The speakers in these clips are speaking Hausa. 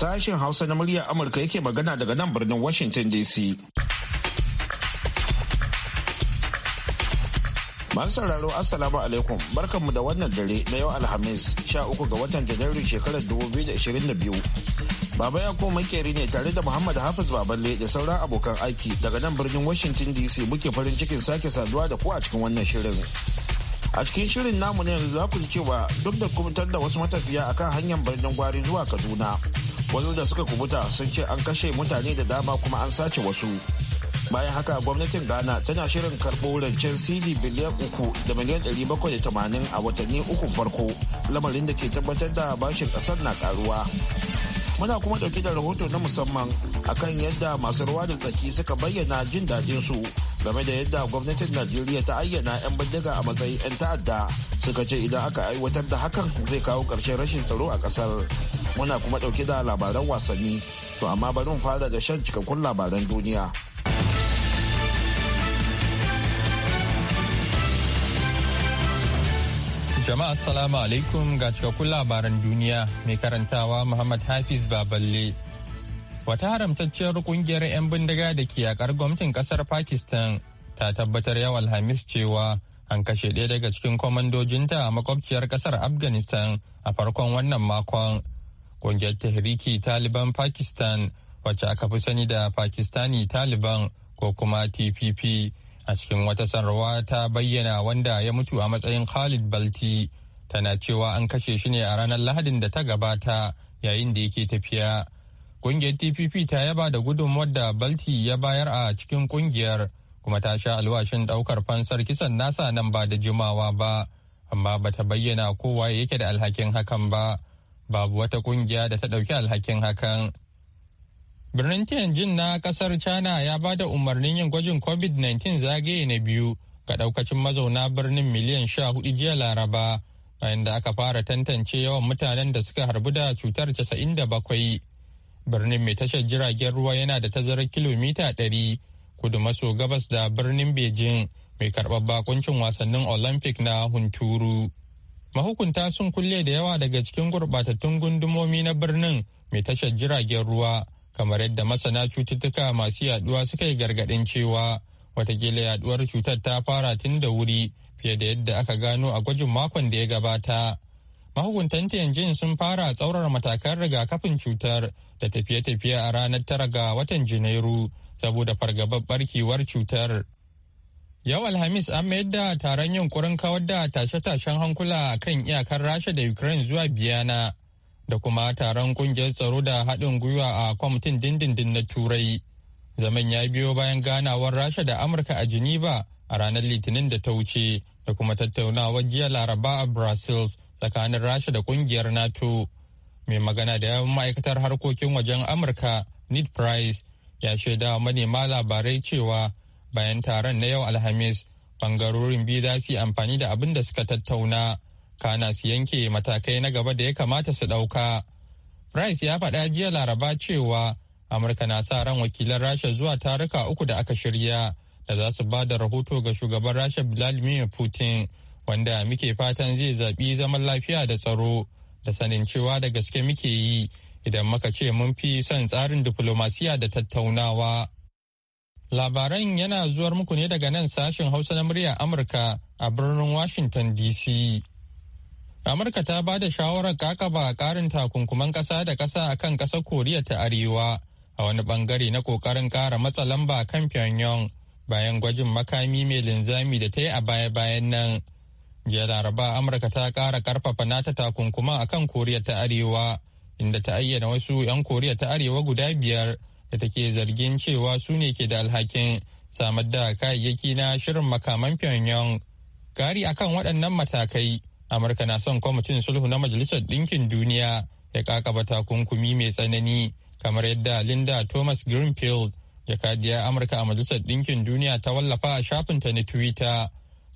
Sashen Hausa na muryar Amurka yake magana daga nan birnin Washington DC. Masu sauraro Assalamu alaikum barkanmu da wannan dare na yau Alhamis 13 ga watan Janairu shekarar 2022. Baba ya makeri ne tare da Muhammad Hafiz Baballe da sauran abokan aiki daga nan birnin Washington DC muke farin cikin sake saduwa da ku a cikin wannan shirin. a cikin shirin namu ne yanzu za ku ji cewa duk da kumtar da wasu matafiya akan hanyar birnin gwari zuwa kaduna wani da suka kubuta sun ce an kashe mutane da dama kuma an sace wasu bayan haka gwamnatin ghana tana shirin karɓo rancen cd biliyan uku da miliyan ɗari bakwai da tamanin a watanni uku farko lamarin da ke tabbatar da bashin ƙasar na ƙaruwa muna kuma ɗauke da rahoto na musamman akan yadda masu ruwa da tsaki suka bayyana jin daɗin su game da yadda gwamnatin najeriya ta ayyana 'yan bindiga a matsayin 'yan ta'adda suka ce idan aka aiwatar da hakan zai kawo ƙarshen rashin tsaro a ƙasar muna kuma ɗauke da labaran wasanni to amma bari mu fara da shan cikakkun labaran duniya jama'a assalamu alaikum ga cikakkun labaran duniya mai karantawa muhammad hafiz baballe wata haramtacciyar kungiyar 'yan bindiga da ke yakar gwamnatin kasar pakistan ta tabbatar yau alhamis cewa an kashe ɗaya daga cikin kwamandojinta a makwabciyar kasar afghanistan a farkon wannan makon Ƙungiyar Tehriki Taliban Pakistan wacce aka fi sani da Pakistani Taliban ko kuma TPP a cikin wata sanarwa ta bayyana wanda ya mutu a matsayin Khalid Balti tana cewa an kashe shi ne a ranar Lahadin da ta gabata yayin da yake tafiya. Ƙungiyar TPP ta yaba da gudunmuwar da Balti ya bayar a cikin ƙungiyar kuma ta sha alwashin ɗaukar fansar kisan nasa nan ba da jimawa ba amma bata bayyana kowa yake da alhakin hakan ba. babu wata kungiya da ta ɗauki alhakin hakan. Birnin Tianjin na ƙasar China ya ba da umarnin yin gwajin COVID-19 zagaye na biyu ga ɗaukacin mazauna birnin miliyan sha hudu jiya Laraba bayan da aka fara tantance yawan mutanen da suka harbu da cutar casa'in da bakwai. Birnin mai tashar jiragen ruwa yana da tazarar kilomita ɗari kudu maso gabas da birnin Beijing mai karɓar bakuncin wasannin Olympic na hunturu. mahukunta sun kulle da yawa daga cikin gurɓatattun gundumomi na birnin mai tashar jiragen ruwa kamar yadda masana cututtuka masu yaduwa suka yi gargaɗin cewa watakila yaduwar cutar ta fara tun da wuri fiye da yadda aka gano a gwajin makon da ya gabata mahukuntan tianjin sun fara tsaurar matakan rigakafin cutar da tafiye-tafiye a ranar tara ga watan janairu saboda fargabar barkewar cutar Yau Alhamis an mayar da taron yunkurin kawar da tashe-tashen hankula a kan iyakar Rasha da Ukraine zuwa Biyana da kuma taron kungiyar tsaro da haɗin gwiwa a kwamitin dindindin na Turai. Zaman ya biyo bayan ganawar Rasha da Amurka a Geneva a ranar Litinin da ta wuce da kuma tattaunawar jiya Laraba a Brussels tsakanin Rasha da kungiyar NATO. Mai magana da yawan ma'aikatar harkokin wajen Amurka, Ned Price, ya shaida manema labarai cewa bayan taron na yau alhamis bangarorin biyu za su yi amfani da abin da suka tattauna kana su yanke matakai na gaba da ya kamata su ɗauka price ya faɗa jiya laraba cewa amurka na sa ran wakilan rasha zuwa taruka uku da aka shirya da za su ba da rahoto ga shugaban rasha vladimir putin wanda muke fatan zai zaɓi zaman lafiya da tsaro da sanin cewa da gaske muke yi idan muka ce mun fi son tsarin diflomasiya da tattaunawa Labaran yana zuwar muku ne daga nan sashen Hausa na murya Amurka a birnin Washington DC. Amurka ta ba da shawarar kakaba karin takunkuman ƙasa da ƙasa a kan ƙasar Koriya ta Arewa a wani ɓangare na ƙoƙarin ƙara matsa lamba kan Pyongyang bayan gwajin makami mai linzami da ta yi a baya-bayan nan. Jiya Laraba Amurka ta ƙara ƙarfafa nata takunkuma a kan Koriya ta Arewa inda ta ayyana wasu 'yan Koriya ta Arewa guda biyar da take zargin cewa su ne ke da alhakin samar da kayayyaki na shirin makaman Pyongyang. Gari akan waɗannan matakai, Amurka na son kwamitin sulhu na Majalisar Ɗinkin Duniya ya kakaba takunkumi mai tsanani kamar yadda Linda Thomas Greenfield ya jakadiyar Amurka a Majalisar Ɗinkin Duniya ta wallafa a shafinta na Twitter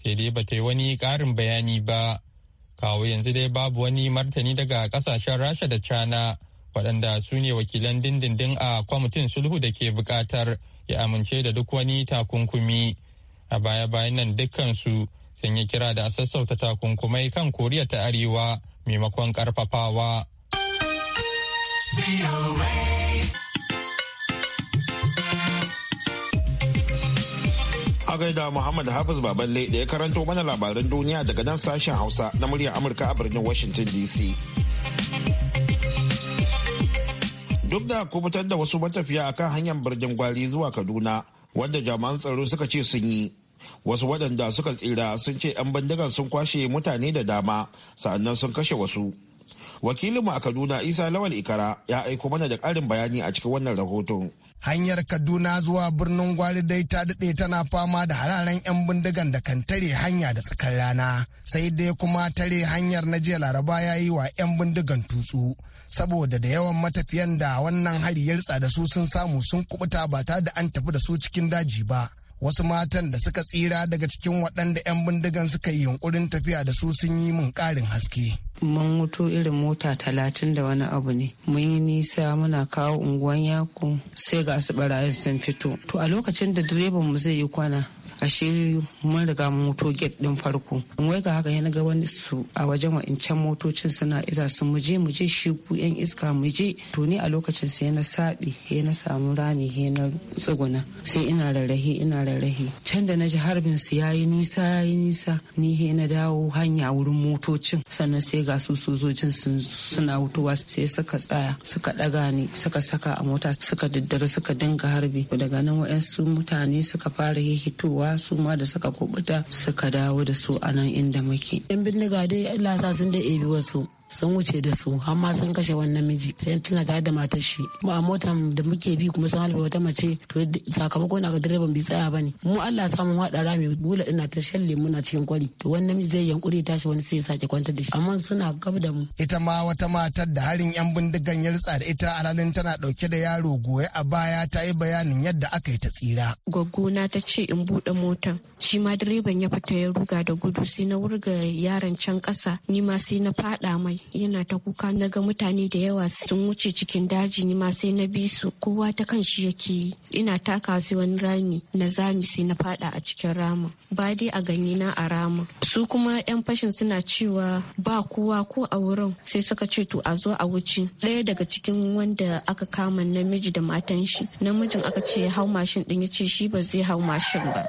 sai dai ba ta yi wani ƙarin bayani ba. Kawo yanzu dai babu wani martani daga ƙasashen Rasha da China waɗanda su ne wakilan dindindin a kwamitin sulhu da ke buƙatar ya amince da duk wani takunkumi a baya-bayan nan dukkansu sun yi kira da a sassauta takunkumai kan koriya ta arewa maimakon ƙarfafawa. a gaida Muhammad Hafiz Baballe da ya karanto mana labaran duniya daga nan sashen Hausa na muryar Amurka a birnin Washington DC. duk da kubutar da wasu matafiya a kan hanyar birnin gwari zuwa kaduna wanda jami'an tsaro suka ce sun yi wasu waɗanda suka tsira sun ce 'yan bindigar sun kwashe mutane da dama sa'annan sun kashe wasu wakilinmu a kaduna isa lawal ikara ya aiko mana da ƙarin bayani a cikin wannan rahoton hanyar kaduna zuwa birnin gwari dai ta daɗe tana fama da hararen 'yan bindigan da kan tare hanya da tsakar rana sai dai kuma tare hanyar na jiya laraba ya yi wa 'yan bindigan tutsu saboda da yawan matafiyan da wannan hari ya da su sun samu sun kubuta ba ta da an tafi da su cikin daji ba wasu matan da suka tsira daga cikin waɗanda 'yan bindigan suka yi yunkurin tafiya da su sun yi mun ƙarin haske. mun wuto irin mota talatin da wani abu ne mun yi nisa muna kawo unguwan yaku sai ga su barayin sun fito to a lokacin da direban mu zai yi kwana ashe mun riga moto gate din farko wai ga haka yana ga wani su a wajen wa'incan motocin suna iza su mu je mu je shi ku yan iska mu je to ni a lokacin sai na sabi he na samu rami he na tsuguna sai ina rarrahi ina rarrahi can da naji harbin su yayi nisa yayi nisa ni he na dawo hanya wurin motocin sannan sai ga su sojojin suna wutowa sai suka tsaya suka daga ni suka saka a mota suka diddara suka dinga harbi daga nan wa'yansu mutane suka fara hihitowa su ma da suka kubuta suka dawo da su a nan inda muke. Yan bindiga dai Allah sa sun da ebi wasu. sun wuce da su har ma sun kashe wannan namiji yan tana tare da matar shi mu a mota da muke bi kuma sun halbe wata mace to sakamako na ga direban bai tsaya bane mu Allah sa mun hada rami bula ina ta lemu na cikin kwari to wannan miji zai yankuri tashi wani sai ya sake kwantar da shi amma suna gab da mu ita ma wata matar da harin yan bindigan ya rutsa da ita alalin tana dauke da yaro goye a baya ta yi bayanin yadda aka yi ta tsira Goggo na ta ce in bude motan shi ma direban ya fita ya ruga da gudu sai na wurga yaron can kasa ni ma sai na fada mai yana ta kuka na ga mutane da yawa sun wuce cikin daji ni ma sai na bi su kowa ta kan shi yake yi ina taka sai wani rami na zami sai na fada a cikin rama ba dai a gani na a rama su kuma yan fashin suna cewa ba kowa ko a wurin sai suka ce to a zo a wuce ɗaya daga cikin wanda aka kama namiji da matan shi namijin aka ce hau mashin din ya ce shi ba zai hau mashin ba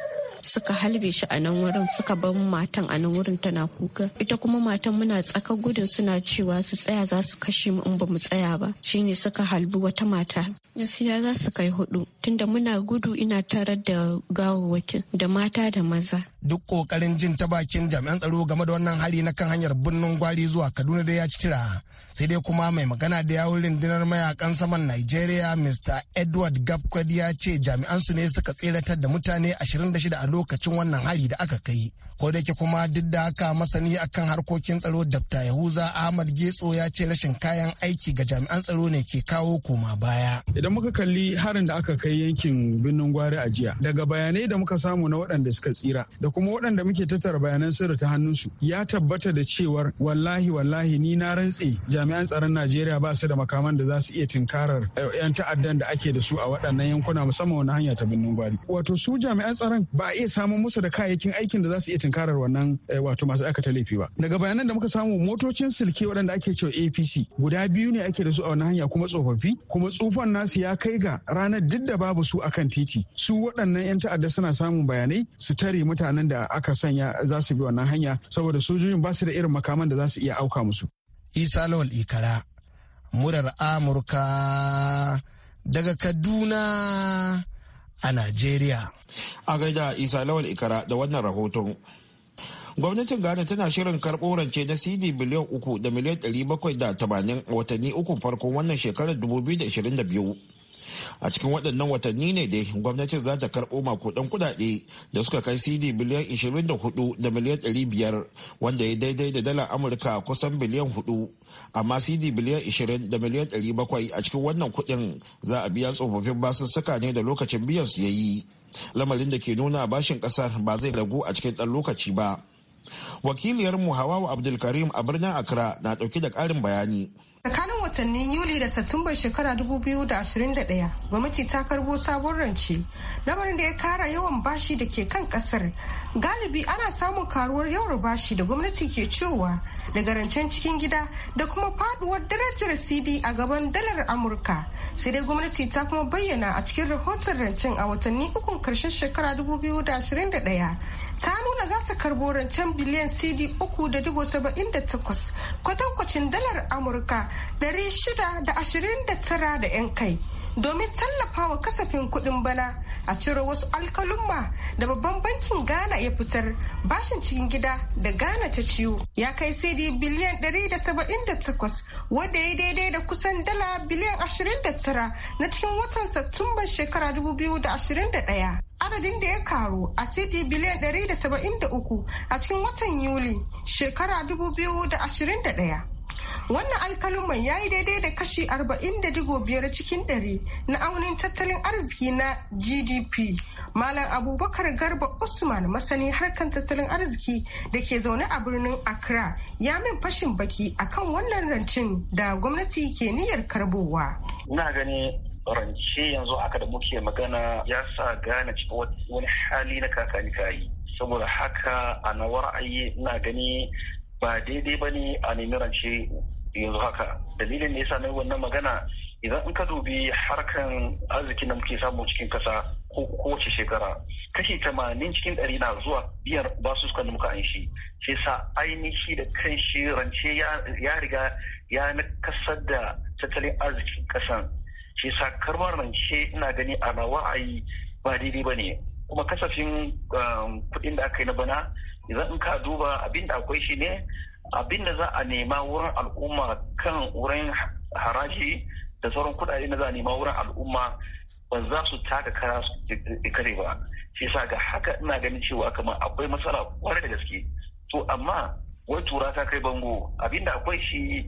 suka halbe shi a nan wurin suka bar matan a nan wurin tana kuka ita kuma matan muna tsakar gudun suna cewa su tsaya za su kashe mu in ba mu tsaya ba shine suka halbi wata mata gaskiya za su kai hudu tunda muna gudu ina tarar da gawawwakin da mata da maza duk kokarin jin ta bakin jami'an tsaro game da wannan hari na kan hanyar birnin gwari zuwa kaduna da ya ci tira sai dai kuma mai magana da yawun rundunar mayakan saman nigeria mr edward gabkwad ya ce jami'an su ne suka tseratar da mutane 26 a lokacin wannan hari da aka kai ko da kuma duk da haka masani akan harkokin tsaro dr yahuza ahmad getso ya ce rashin kayan aiki ga jami'an tsaro ne ke kawo koma baya idan muka kalli harin da aka kai yankin birnin gwari a jiya daga bayanai da muka samu na waɗanda suka tsira kuma waɗanda muke tattara bayanan sirri ta hannunsu ya tabbata da cewar wallahi wallahi ni na rantse jami'an tsaron najeriya ba su da makaman da za su iya tinkarar eh, 'yan ta'addan da ake da su a waɗannan yankuna musamman wani hanya ta birnin gwari wato su jami'an tsaron ba a iya samun musu da kayayyakin aikin da za su iya tinkarar wannan eh, wato masu aikata laifi ba daga bayanan da muka samu motocin silke waɗanda ake cewa apc guda biyu ne ake da su a wani hanya kuma tsofaffi kuma tsufan nasu ya kai ga ranar duk da babu su akan titi su waɗannan 'yan ta'adda suna samun bayanai su tare mutanen mutanen da aka sanya za su bi wannan hanya saboda sojojin ba su da irin makaman da za su iya auka musu. isa lawal ikara murar amurka daga kaduna a najeriya a gaida isa lawal ikara da wannan rahoton gwamnatin ghana tana shirin karɓo rance na cd biliyan uku da miliyan ɗari bakwai da tamanin watanni uku farkon wannan shekarar 2022 a cikin waɗannan watanni ne dai gwamnati za ta karɓo makudan kudade da suka kai cd biliyan 24 da miliyan 500 wanda ya daidai da dala amurka kusan biliyan 4 amma cd biliyan 20 da miliyan 700 a cikin wannan kuɗin za a biya tsofaffin basussuka ne da lokacin biyan su ya yi lamarin da ke nuna bashin kasar ba zai ragu a cikin ɗan lokaci ba wakiliyar mu wa abdulkarim a birnin accra na ɗauke da ƙarin bayani Tsakanin watanni Yuli da satumba shekara 2021, gwamnati ta karbo sabon rance, lamarin da ya kara yawan bashi da ke kan kasar. Galibi ana samun karuwar yawan bashi da gwamnati ke cewa daga rancen cikin gida da kuma faduwar darajar CD a gaban dalar Amurka. Sai dai gwamnati ta kuma bayyana a cikin rahoton rancen a watanni ukun karshen shekara 2021 ta nuna za ta karbo rancen biliyan cd 3.78 kwatankwacin dalar amurka 629 da 'yan kai domin tallafawa kasafin kuɗin bana a ciro wasu alkalumma da babban bankin ghana ya fitar bashin cikin gida da ghana ta ciwo ya kai sai da biliyan 178 wadda ya daidai da kusan dala biliyan 29 na cikin watan satumban shekara 2021 adadin da ya karu a cd biliyan 173 a cikin watan yuli shekara 2021 Wannan alkalin ya yi daidai da kashi 40.5 cikin ɗari na aunin tattalin arziki na GDP. Malam Abubakar Garba Usman masani harkar tattalin arziki da ke zaune a birnin Accra ya min fashin baki akan wannan rancin da gwamnati ke niyyar karbowa. Ina rance yanzu haka da muke magana ya sa gane wani hali na kakani kayi. saboda haka a na ra'ayi na gani ba daidai ba ne a nemi rance yanzu haka dalilin da yasa na wannan magana idan in ka dubi harkan arzikin da muke samu cikin kasa ko kowace shekara kashi tamanin cikin ɗari na zuwa biyar su suka muka an shi shi sa ainihi da kan shi rance ya riga ya kasar da tattalin arzikin kasan shi sa karbar rance ina gani a wa'ayi ba daidai ba ne kuma kasafin um, kuɗin da aka yi na bana idan ka duba abin da akwai shi ne abin da za a nema wurin al'umma kan wurin haraji da sauran kuɗaɗe na za a nema wurin al'umma ba za su taka kara su kare ba shi sa ga haka ina ganin cewa kamar akwai matsala kwarai da gaske to amma wai tura ta kai bango abinda akwai shi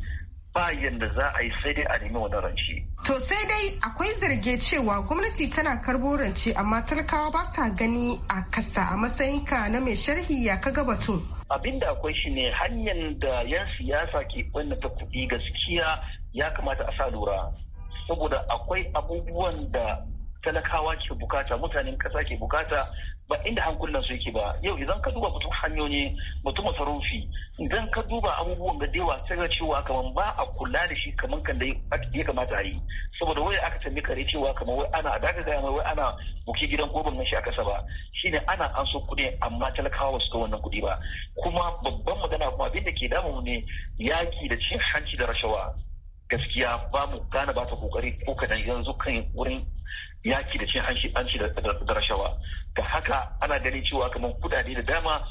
ba yadda za a yi sai dai a nemi wani rance. To sai dai akwai zarge cewa gwamnati tana karbo rance amma talakawa ba sa gani a kasa a ka na mai sharhi ya ka ga batun. Abin da akwai shi ne hanyar da 'yan siyasa ke ta kuɗi gaskiya ya kamata a sa lura. Saboda akwai abubuwan da talakawa ke bukata mutanen kasa ke bukata ba inda hankulan su yake ba yau idan ka duba mutum hanyoyi mutum masarufi idan ka duba abubuwan da dewa sai ga cewa kaman ba a kula da shi kaman kan da ya kamata a yi saboda wai aka tambi kare cewa kamar wai ana a daga gaya mai wai ana buki gidan goban nan shi a kasa ba shine ana an so kuɗi amma talakawa ba su ga wannan kuɗi ba kuma babban magana kuma abin da ke damu ne yaki da cin hanci da rashawa gaskiya ba mu gane ba ta kokari ko kadan yanzu kan wurin yaki da cin hanci da rashawa ga haka ana ganin cewa kamar kudade da dama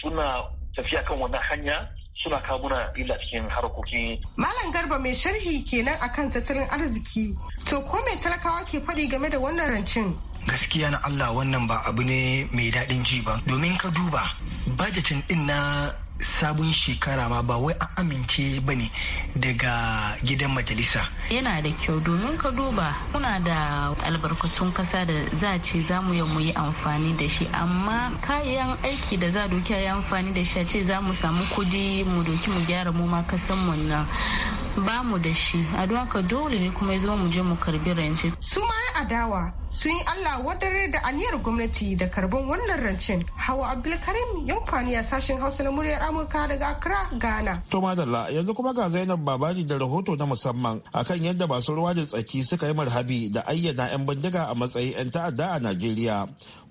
suna tafiya kan wannan hanya suna kawo muna illa cikin harkokin. Malam Garba mai sharhi kenan akan tattalin arziki. To ko mai talakawa ke faɗi game da wannan rancin? Gaskiya na Allah wannan ba abu ne mai daɗin ji ba. Domin ka duba bajetin ɗin na sabon shekara ma ba wai an amince ba ne daga gidan majalisa. Yana da kyau domin ka duba muna da albarkatun kasa da za ce za mu yi amfani da shi amma kayan aiki da za doki yi amfani da shi a ce za mu samu kudi mu doki mu gyara mu ma kasan mu nan ba mu da shi a don haka dole ne kuma ya zama mu je mu karbi rance. Su ma adawa sun yi allah wadare da aniyar gwamnati da karban wannan rancen hawa abdulkarim yankwani a sashen hausa na muryar amurka daga accra ghana to madalla yanzu kuma ga zainab babaji da rahoto na musamman akan yadda masu ruwa da tsaki suka yi marhabi da ayyana 'yan bindiga a matsayin 'yan ta'adda a najeriya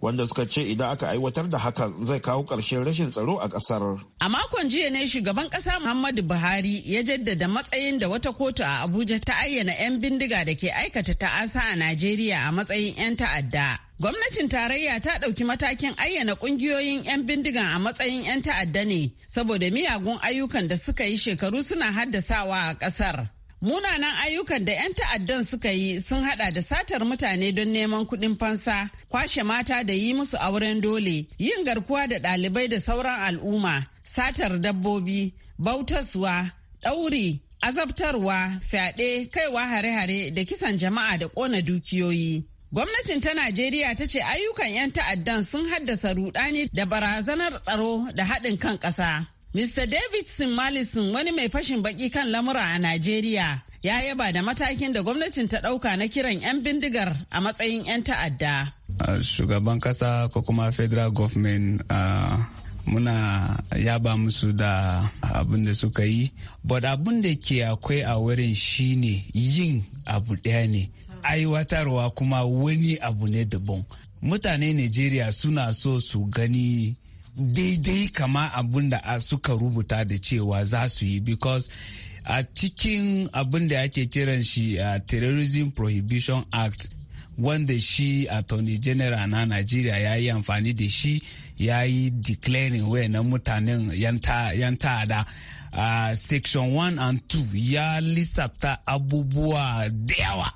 wanda suka ce idan aka aiwatar da hakan zai kawo ƙarshen rashin tsaro a ƙasar. A makon jiya ne shugaban ƙasa Muhammadu Buhari ya jaddada matsayin da wata kotu a Abuja ta ayyana 'yan bindiga da ke aikata ta'asa a Najeriya a matsayin 'yan ta'adda. Gwamnatin tarayya ta ɗauki matakin ayyana ƙungiyoyin 'yan bindiga a matsayin 'yan ta'adda ne saboda miyagun ayyukan da suka yi shekaru suna haddasawa a ƙasar. Munanan ayyukan da 'yan ta'addan suka yi sun hada da satar mutane don neman kuɗin fansa, kwashe mata da yi musu auren dole, yin garkuwa da ɗalibai da sauran al'umma, satar dabbobi, bautaswa, ɗauri, azabtarwa, fyaɗe, kaiwa hare-hare da kisan jama'a da ƙona dukiyoyi. Gwamnatin ta Najeriya ta ce ayyukan 'yan ta'addan sun haddasa rudani da barazanar tsaro da haɗin kan ƙasa. Mr. David Simmalisin wani mai fashin baki kan lamura a Najeriya ya yaba da matakin da gwamnatin ta ɗauka na kiran 'yan bindigar a matsayin 'yan ta'adda. Shugaban kasa ko kuma federal government muna yaba musu da abin da suka yi. But abin da ke akwai a wurin shine yin abu ɗaya ne, aiwatarwa kuma wani abu ne daban. Mutane Najeriya suna so su gani daidai kama abin da suka rubuta da cewa za su yi because a cikin abin da ake kiran shi a terrorism prohibition act wanda shi attorney general na nigeria ya yi amfani da shi ya yi declaring na mutanen yan ta'ada a section 1 and 2 ya lissafta abubuwa da yawa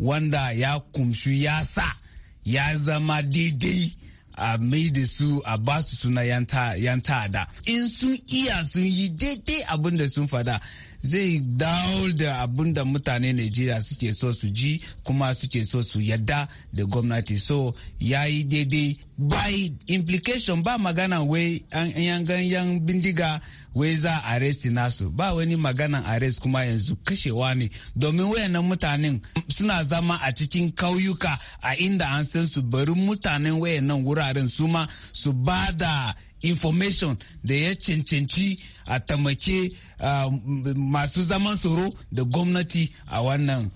wanda ya kumshi ya sa ya zama daidai a mai da su a ba su suna yan ta'ada in sun iya sun yi daidai abin da sun fada zai dawo da abun da mutane Najeriya suke so su ji kuma suke so su yadda da gwamnati so ya yi daidai by implication ba magana wai yan ganyen bindiga wai za a nasu ba wani maganan ares kuma yanzu kashewa ne domin wayannan mutanen suna zama a cikin kauyuka a inda an san su bari mutanen wayannan wuraren su ma su ba da information da ya cancanci a tamake masu zaman tsoro da gwamnati a wannan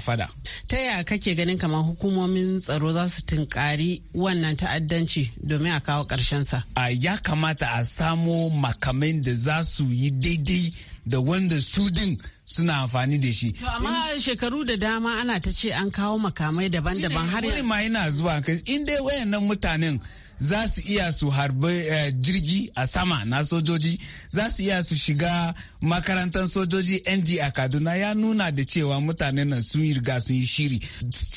fada. Ta yaya kake ganin kamar hukumomin tsaro za su tunkari wannan ta'addanci domin a kawo ƙarshensa? sa. ya kamata a samo makamai da za su yi daidai da wanda su din suna amfani da shi. To amma shekaru da dama ana ta ce an kawo makamai daban-daban har yanzu. ma yana zuwa kai in dai wayannan mutanen za su iya su harbi eh, jirgi a sama na sojoji za su iya su shiga makarantar sojoji nd a kaduna ya nuna da cewa mutanen nan sun yi riga sun yi shiri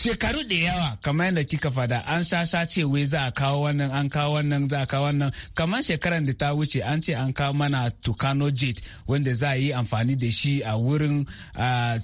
shekaru da yawa kamar yadda kika fada an shasha ce wai za a kawo wannan an kawo wannan za a kawo wannan kamar shekaran da ta wuce an ce an kawo mana tukano jet wanda za a yi amfani da shi a wurin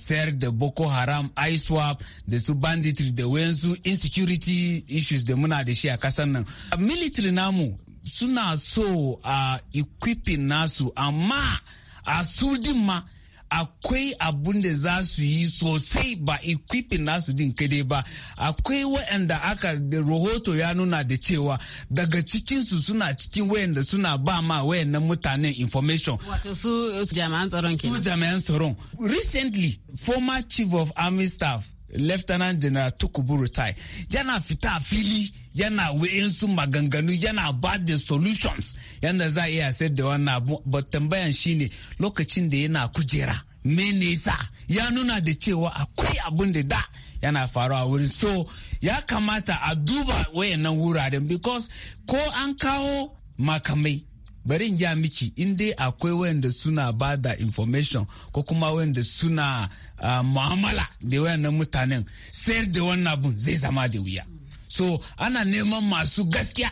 sayar da boko haram iswap da su banditry da wayansu insecurity issues da muna da shi a kasar nan military namu suna so a equipping nasu amma a surdin ma akwai abun da za su yi sosai ba equipping nasu din kadai ba akwai wayanda aka rahoto ya nuna da cewa daga cikinsu suna cikin wayanda suna ba ma wayannan mutanen information wato su jami'an tsaron su jami'an tsaron recently former chief of army staff lieutenant general tukuburu tai yana fita fili yana wa'insu maganganu yana ba da solutions yadda za a iya sayar da wannan abu ba tambayan shine lokacin da yana kujera me nisa ya nuna da cewa akwai abun da da yana faruwa wurin so ya kamata a duba wayannan wuraren because ko an kawo makamai bari in miki in dai akwai wayanda suna ba da information ko kuma wayanda suna uh, mu'amala da wayannan mutanen sayar da wannan abun zai zama da wuya. so ana neman masu gaskiya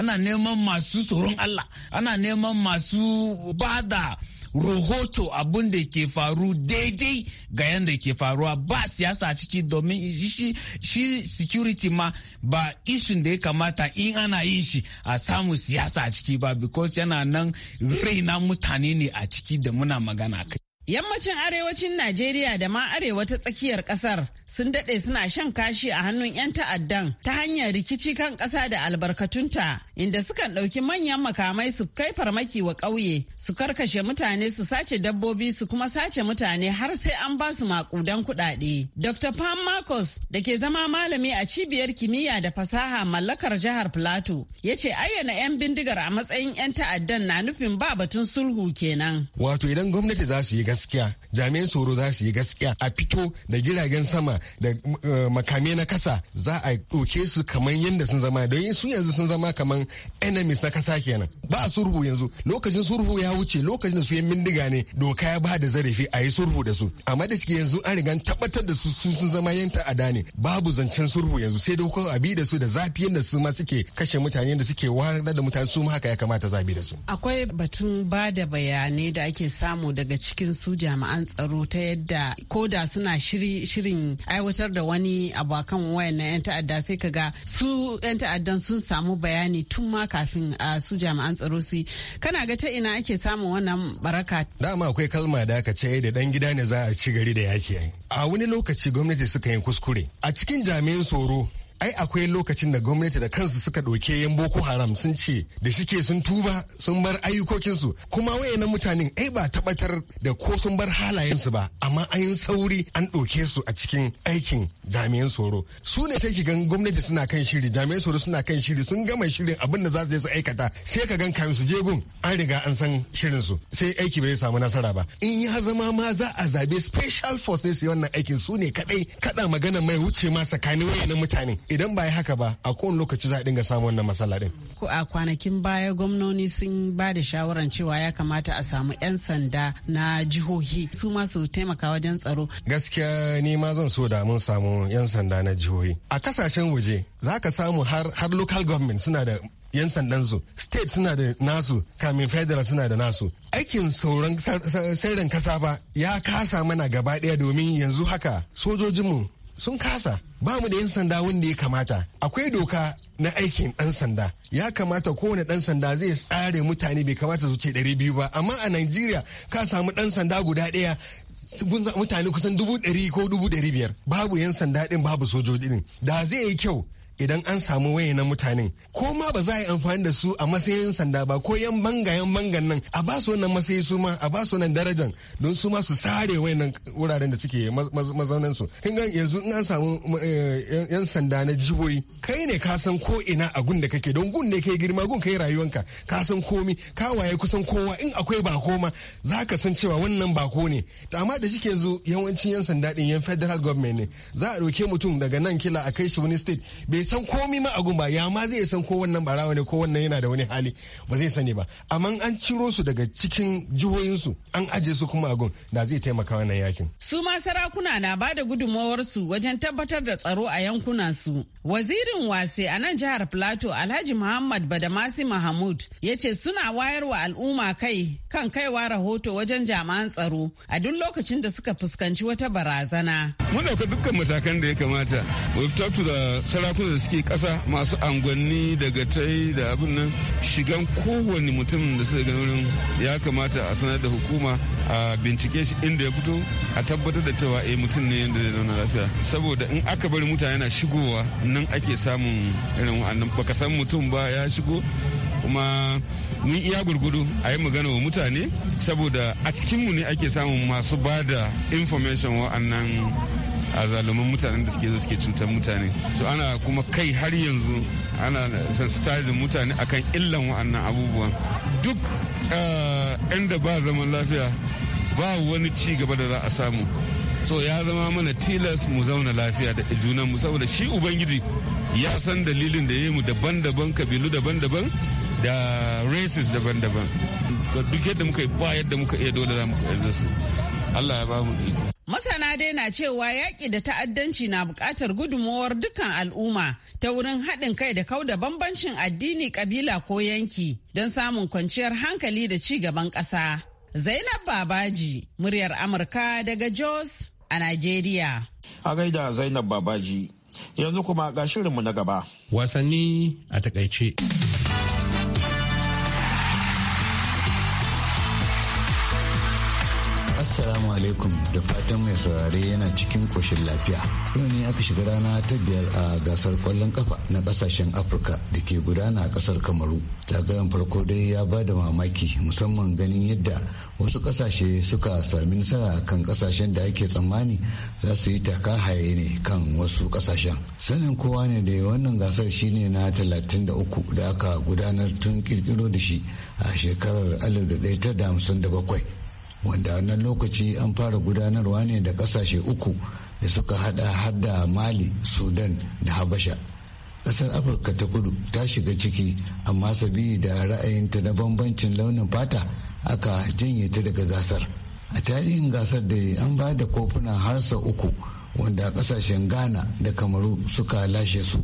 ana neman masu tsoron Allah ana neman masu bada rahoto abin da ke faru daidai ga yadda ke faruwa ba siyasa a ciki domin shi security ma ba isun da ya kamata in ana yin shi a samu siyasa a ciki ba because yana nan raina mutane ne a ciki da muna magana kai Yammacin arewacin Najeriya da ma arewa ta tsakiyar kasar sun daɗe suna shan kashi a hannun 'yan ta'addan ta hanyar rikici kan ƙasa da albarkatunta inda sukan ɗauki manyan makamai su kai farmaki wa ƙauye su karkashe mutane su sace dabbobi su kuma sace mutane har sai an ba su maƙudan kuɗaɗe. Dr. Pam Marcos da ke zama malami a cibiyar kimiyya da fasaha mallakar jihar Plateau ya ce ayyana 'yan bindigar a matsayin 'yan ta'addan na nufin ba batun sulhu kenan. Wato idan gwamnati za su yi gaskiya jami'an tsoro za su yi gaskiya a fito da jiragen sama da eh, makamai na kasa za a ɗauke su kamar yadda sun zama don sun yanzu sun zama kamar enemies na kasa kenan ba a sulhu yanzu lokacin sulhu ya wuce lokacin da su yi bindiga ne doka ya ba da zarafi a yi sulhu da su amma da suke yanzu an riga tabbatar da su sun zama yan ta'ada ne babu zancen sulhu yanzu sai dokar bi da su da zafi yadda su ma suke kashe mutane da suke warar da mutane su ma haka ya kamata zabi da su akwai batun ba da bayanai da ake samu daga cikin su su jami'an tsaro ta yadda ko da suna shirin aiwatar da wani abu waya wayan 'yan ta'adda sai ka ga su 'yan ta'addan sun samu bayani tun ma kafin su jami'an tsaro su yi kana ga ta ina ake samun wannan baraka dama akwai kalma da aka ce da dan gida ne za a ci gari da yaki a wani lokaci gwamnati suka yi kuskure a cikin jami'in tsoro ai akwai lokacin da gwamnati da kansu suka ɗauke yan boko haram sun ce da suke sun tuba sun bar ayyukokinsu kuma wayannan mutanen ai ba tabbatar da ko sun bar halayensu ba amma an yi sauri an ɗauke su a cikin aikin jami'an tsoro su ne sai ki gan gwamnati suna kan shiri jami'an tsoro suna kan shiri sun gama shirin abin da za su je su aikata sai ka gan kayan su je gun an riga an san shirin su sai aiki bai samu nasara ba in ya zama ma za a zabe special forces wannan aikin su ne kadai kada magana mai wuce ma tsakanin wayannan mutanen idan ba haka ba a kowane lokaci za a dinga samu wannan matsala din. a kwanakin baya gwamnoni sun ba da shawaran cewa ya kamata a samu 'yan sanda na jihohi su masu su taimaka wajen tsaro. gaskiya ni ma zan so da mun samu 'yan sanda na jihohi a kasashen waje za ka samu har, har local government suna da 'yan su. state suna da nasu kamin federal suna da nasu aikin sauran sirrin kasa ba ya kasa mana gaba daya domin yanzu haka sojojinmu sun kasa ba mu da 'yan sanda wanda ya kamata akwai doka na aikin dan sanda ya kamata kowane dan sanda zai tsare mutane bai kamata su ce biyu ba amma a najeriya ka samu dan sanda guda ɗaya mutane kusan dubu ɗari ko dubu ɗari biyar babu yan sanda din babu sojoji ɗin da zai yi kyau idan an samu wayannan mutanen ko ma ba za a yi amfani da su a matsayin sanda ba ko yan banga yan bangan nan a ba su wannan matsayi su ma a ba su wannan darajan don su ma su sare wayannan wuraren da suke mazaunan su kin ga yanzu in an samu eh, yan sanda na jihohi kai ne ka san ko ina a gun da kake don gun ne kai girma gun kai rayuwanka ka san komi ka waye kusan kowa in akwai ba ma za ka san cewa wannan bako ne amma da shike yanzu yawancin yan sanda din yan federal government ne za a ɗauke mutum daga nan kila a kai shi wani state san komi ma a gumba ya ma zai san ko wannan barawa ne ko wannan yana da wani hali ba zai sani ba amma an ciro su daga cikin jihohinsu an aje su kuma a gun da zai taimaka wannan yakin. su ma sarakuna na ba da su wajen tabbatar da tsaro a yankunan su wazirin wase a nan jihar plateau alhaji muhammad badamasi mahmud ya ce suna wayarwa al'umma kai kan kaiwa rahoto wajen jami'an tsaro a duk lokacin da suka fuskanci wata barazana. mun dauka dukkan matakan da ya kamata we've talked to the sarakuna suke kasa masu angwanni daga tai da abin nan shigan kowane mutum da suka gani wurin ya kamata a sanar da hukuma a bincike shi inda ya fito a tabbatar da cewa eh mutum ne yadda zai zauna lafiya saboda in aka bari mutane na shigowa nan ake samun irin wa'annan baka san mutum ba ya shigo kuma mun iya gurgudu a yi magana wa mutane saboda a cikinmu ne ake samun masu ba da information wa'annan a mutanen da suke zo suke cutar mutane to ana kuma kai har yanzu ana sensitizing mutane akan illan wa'annan abubuwan duk eh, inda ba zaman lafiya ba wani ci gaba da za a samu so ya zama mana tilas mu zauna lafiya da junanmu saboda shi ubangiji ya san dalilin da ya mu daban-daban kabilu daban-daban da races daban-daban duk yadda muka yi ba yadda muka iya dole za mu su Allah ya ba mu iko na daina cewa yaƙi da ta'addanci na buƙatar gudunmowar dukkan al'umma ta wurin haɗin kai da da bambancin addini, ƙabila ko yanki don samun kwanciyar hankali da ci gaban ƙasa. Zainab Babaji, muryar Amurka daga Jos a Najeriya. A gaida Zainab Babaji, yanzu kuma ga shirinmu na gaba. Wasanni a takaice. alaikum da fatan mai saurare yana cikin koshin lafiya. Yau ne aka shiga rana ta biyar a gasar kwallon kafa na kasashen Afirka da ke gudana a kasar Kamaru. Zagayen farko dai ya ba da mamaki musamman ganin yadda wasu kasashe suka sami nasara kan kasashen da ake tsammani za su yi taka haye ne kan wasu kasashen. Sanin kowa ne da wannan gasar shine na 33 da aka gudanar tun kirkiro da shi a shekarar 1957. wanda wannan lokaci an fara gudanarwa ne da kasashe uku da suka hada hada mali sudan da habasha kasar afirka ta kudu ta shiga ciki amma sabi da ra'ayinta na bambancin launin fata aka janye ta daga gasar a tarihin gasar da an ba da kofuna har sau uku wanda kasashen ghana da kamaru suka lashe su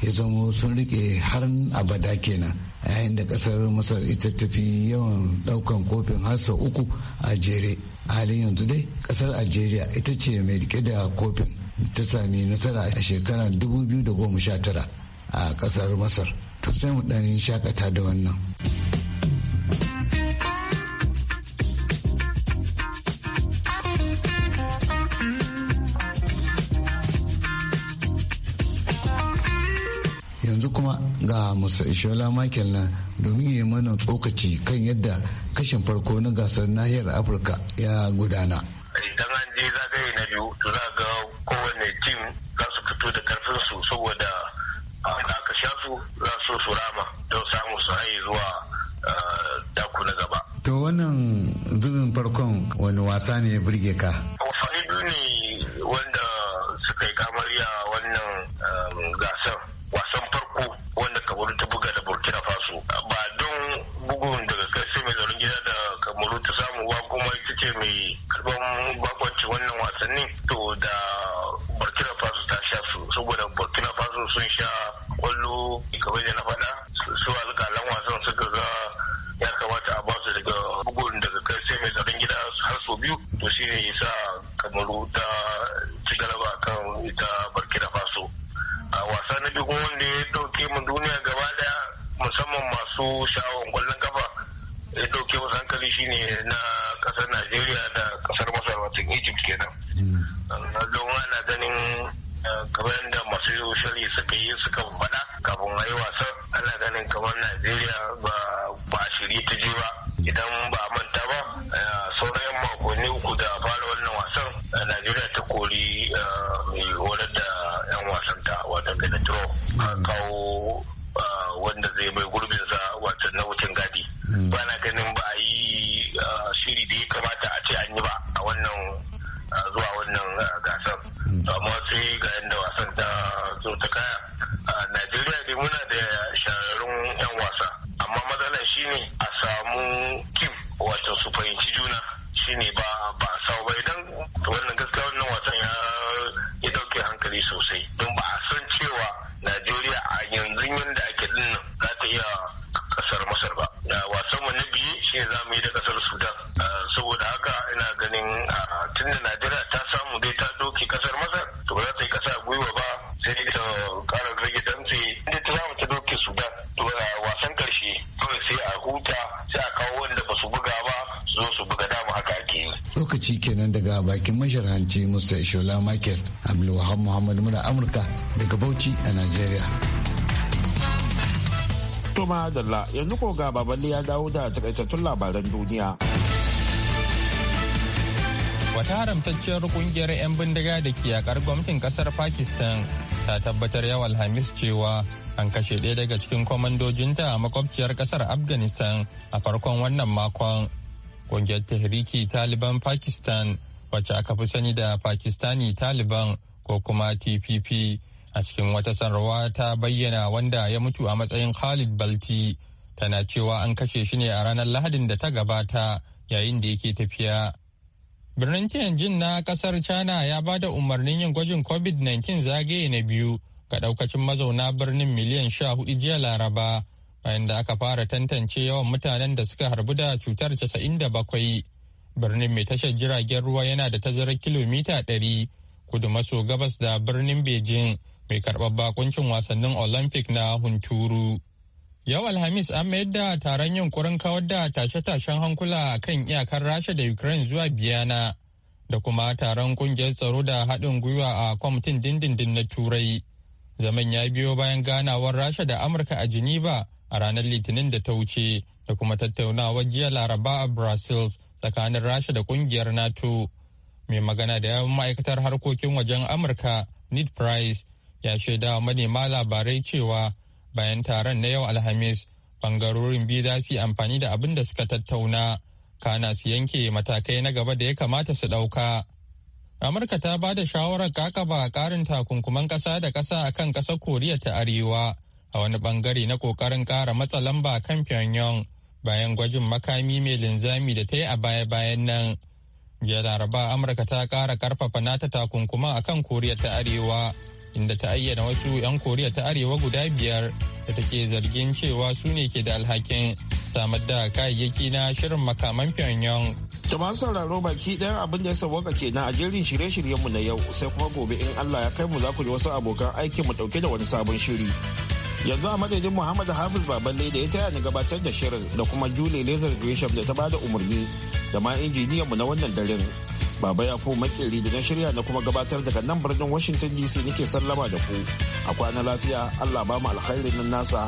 ya zama sun rike har abada kenan yayin da kasar masar ita tafi yawan daukan kofin har sau uku a jere halin yanzu dai kasar algeria ita ce mai rike da kofin ta sami nasara a shekarar 2019 a kasar masar to sai mu ɗan shakata da wannan. ga musa ishola michael na domin ya mana tsokaci kan yadda kashin farko na gasar nahiyar afirka ya gudana idan an je zagaye na biyu to za ga kowane tim za su fito da karfin su saboda da aka sha su za su su rama don samu su haye zuwa daku na gaba to wannan zubin farkon wani wasa ne ya burge ka a bakin masharhanci Mr. Ishola Michael Abdulwahab Muhammad muna Amurka daga Bauchi a Najeriya. Toma Dalla yanzu ko ga baballi ya dawo da takaitattun labaran duniya. Wata haramtacciyar kungiyar 'yan bindiga da ke yakar gwamnatin kasar Pakistan ta tabbatar yawa Alhamis cewa an kashe ɗaya daga cikin kwamandojinta a makwabciyar kasar afghanistan a farkon wannan makon ƙungiyar tahriki taliban pakistan wacce aka fi sani da pakistani taliban ko kuma tpp a cikin wata sanarwa ta bayyana wanda ya mutu a matsayin khalid balti tana cewa an kashe shi ne a ranar lahadin da ta gabata yayin da yake tafiya birnin tianjin na kasar china ya ba da umarnin yin gwajin covid-19 zagaye na biyu ga daukacin mazauna birnin miliyan sha hudu jiya laraba bayan da aka fara tantance yawan mutanen da suka harbu da cutar 97 birnin mai tashar jiragen ruwa yana da tazarar kilomita 100 kudu maso gabas da birnin beijing mai karɓar bakuncin wasannin olympic na hunturu yau alhamis an mayar da taron yunkurin kawar da tashe-tashen hankula kan iyakar rasha da ukraine zuwa biyana da kuma taron kungiyar tsaro da haɗin gwiwa a kwamitin dindindin na turai zaman ya biyo bayan ganawar rasha da amurka a geneva a ranar litinin da ta wuce da kuma tattaunawar jiya laraba a brussels tsakanin rasha da kungiyar nato mai magana da yawan ma'aikatar harkokin wajen amurka need price ya shaida manema labarai cewa bayan taron na yau alhamis bangarorin biyu za su yi amfani da abin da suka tattauna kana su yanke matakai na gaba da ya kamata su ɗauka. amurka ta ba da shawarar kakaba karin takunkuman ƙasa da ƙasa akan ƙasar koriya ta arewa a wani bangare na ƙoƙarin ƙara matsa lamba kan pyongyang bayan gwajin makami mai linzami da ta yi a baya-bayan nan jiya laraba amurka ta kara karfafa nata takunkuma a kan koriya ta arewa inda ta ayyana wasu 'yan koriya ta arewa guda biyar da take zargin cewa su ne ke da alhakin samar da kayayyaki na shirin makaman pyongyang da masu sauraro baki ɗaya abin da ya sauwaka kenan a ajerin shirye-shiryenmu na yau sai kuma gobe in allah ya kai mu za ku ji wasu abokan aikin mu ɗauke da wani sabon shiri yanzu a madadin muhammad hafiz baballe da ya taya ni gabatar da shirin da kuma julie laser gresham da ta bada umarni da ma injiniyan mu na wannan daren baba ya kuma makeri da na shirya na kuma gabatar daga nan birnin washington dc nake sallama da ku a kwana lafiya allah ba mu alkhairin nasa